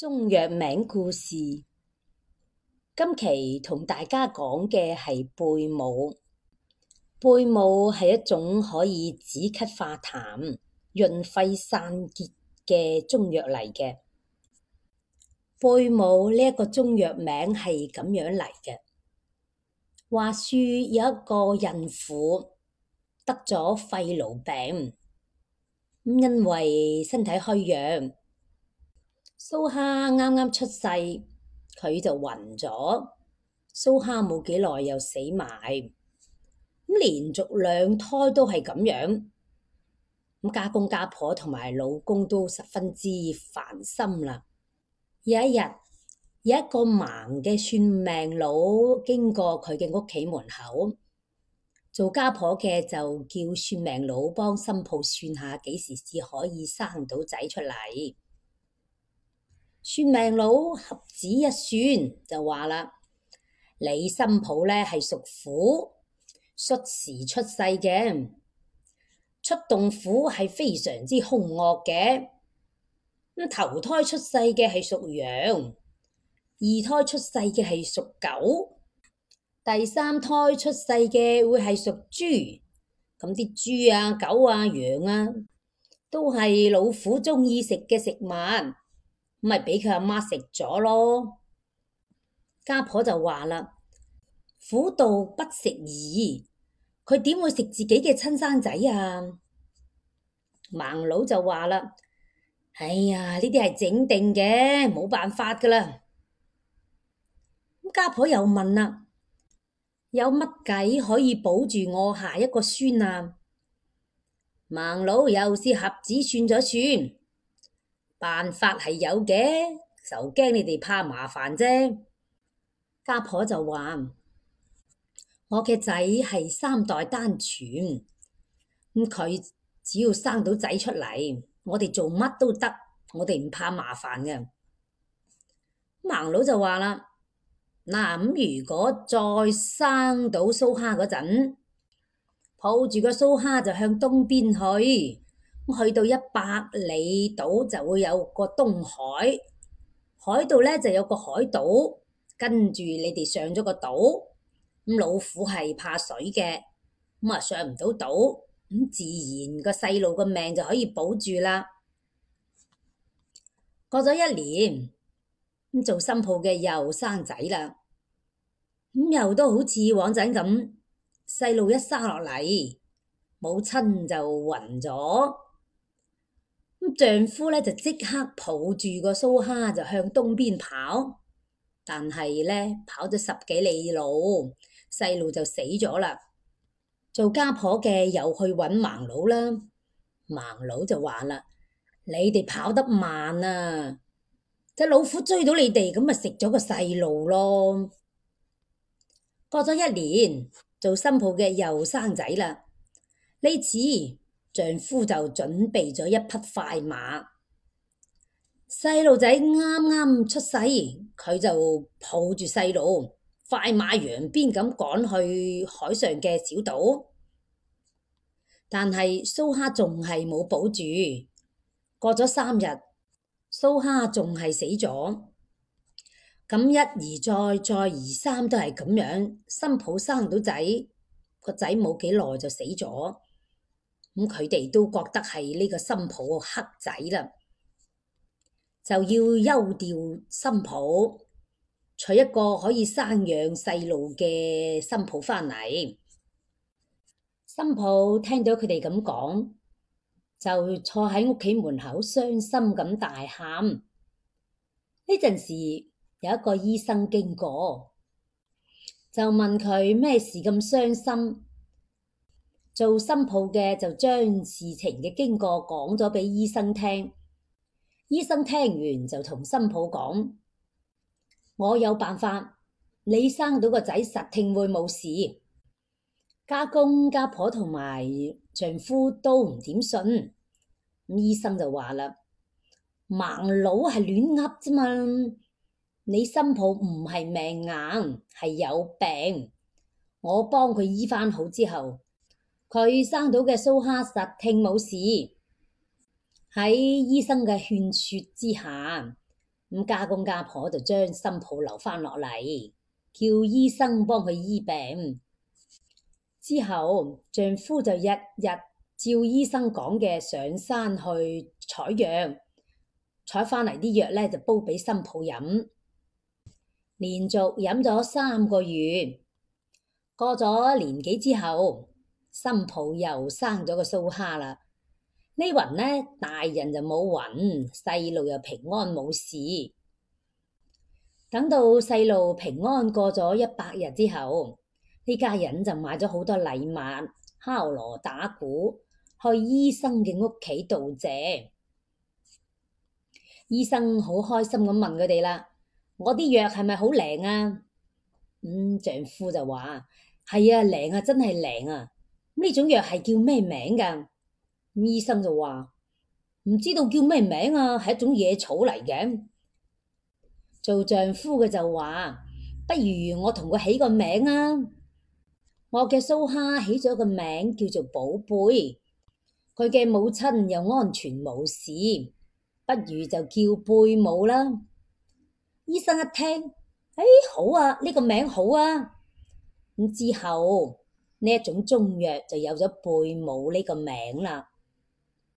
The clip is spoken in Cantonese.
中藥名故事，今期同大家講嘅係貝母。貝母係一種可以止咳化痰、潤肺散結嘅中藥嚟嘅。貝母呢一個中藥名係咁樣嚟嘅。話說有一個孕婦得咗肺癆病，因為身體虛弱。蘇蝦啱啱出世，佢就暈咗。蘇蝦冇幾耐又死埋，咁連續兩胎都係咁樣，家公家婆同埋老公都十分之煩心啦。有一日，有一個盲嘅算命佬經過佢嘅屋企門口，做家婆嘅就叫算命佬幫新抱算下幾時至可以生到仔出嚟。算命佬合指一算就話啦，你新抱呢係屬虎，戌時出世嘅，出洞虎係非常之凶惡嘅。咁頭胎出世嘅係屬羊，二胎出世嘅係屬狗，第三胎出世嘅會係屬豬。咁啲豬啊、狗啊、羊啊，都係老虎中意食嘅食物。咁咪俾佢阿媽食咗咯，家婆就話啦：虎毒不食兒，佢點會食自己嘅親生仔啊？盲佬就話啦：哎呀，呢啲係整定嘅，冇辦法噶啦。家婆又問啦：有乜計可以保住我下一個孫啊？盲佬又是盒子算咗算。辦法係有嘅，就驚你哋怕麻煩啫。家婆就話：我嘅仔係三代單傳，咁佢只要生到仔出嚟，我哋做乜都得，我哋唔怕麻煩嘅。盲佬就話啦：嗱、啊、咁如果再生到蘇蝦嗰陣，抱住個蘇蝦就向東邊去。去到一百里島就會有個東海，海度咧就有個海島，跟住你哋上咗個島。咁老虎係怕水嘅，咁啊上唔到島，咁自然個細路個命就可以保住啦。過咗一年，咁做新抱嘅又生仔啦，咁又都好似往陣咁，細路一生落嚟，母親就暈咗。丈夫咧就即刻抱住個蘇蝦就向東邊跑，但係咧跑咗十幾里路，細路就死咗啦。做家婆嘅又去搵盲佬啦，盲佬就話啦：你哋跑得慢啊，隻老虎追到你哋咁咪食咗個細路咯。過咗一年，做新抱嘅又生仔啦，呢次。丈夫就準備咗一匹快馬，細路仔啱啱出世，佢就抱住細路，快馬揚鞭咁趕去海上嘅小島。但係蘇蝦仲係冇保住，過咗三日，蘇蝦仲係死咗。咁一而再，再而三都係咁樣，新抱生到仔，個仔冇幾耐就死咗。咁佢哋都覺得係呢個新抱黑仔啦，就要休掉新抱，娶一個可以生養細路嘅新抱返嚟。新抱聽到佢哋咁講，就坐喺屋企門口傷心咁大喊。呢陣時有一個醫生經過，就問佢咩事咁傷心。做新抱嘅就將事情嘅經過講咗俾醫生聽，醫生聽完就同新抱講：我有辦法，你生到個仔實聽會冇事。家公、家婆同埋丈夫都唔點信，咁醫生就話啦：盲佬係亂噏啫嘛，你新抱唔係命硬，係有病，我幫佢醫翻好之後。佢生到嘅蘇蝦實聽冇事，喺醫生嘅勸説之下，咁家公家婆就將新抱留返落嚟，叫醫生幫佢醫病。之後，丈夫就日日照醫生講嘅上山去採藥，採返嚟啲藥呢，就煲俾新抱飲，連續飲咗三個月，過咗年幾之後。新抱又生咗個蘇蝦啦！呢云呢，大人就冇暈，細路又平安冇事。等到細路平安過咗一百日之後，呢家人就買咗好多禮物，敲鑼打鼓去醫生嘅屋企度謝。醫生好開心咁問佢哋啦：我啲藥係咪好靈啊？咁、嗯、丈夫就話：係啊，靈啊，真係靈啊！呢種藥係叫咩名噶？咁醫生就話，唔知道叫咩名啊，係一種野草嚟嘅。做丈夫嘅就話，不如我同佢起個名啊。我嘅蘇蝦起咗個名叫做寶貝，佢嘅母親又安全無事，不如就叫貝母啦。醫生一聽，誒，哎，好啊，呢個名好啊。之後。呢一種中藥就有咗貝母呢個名啦。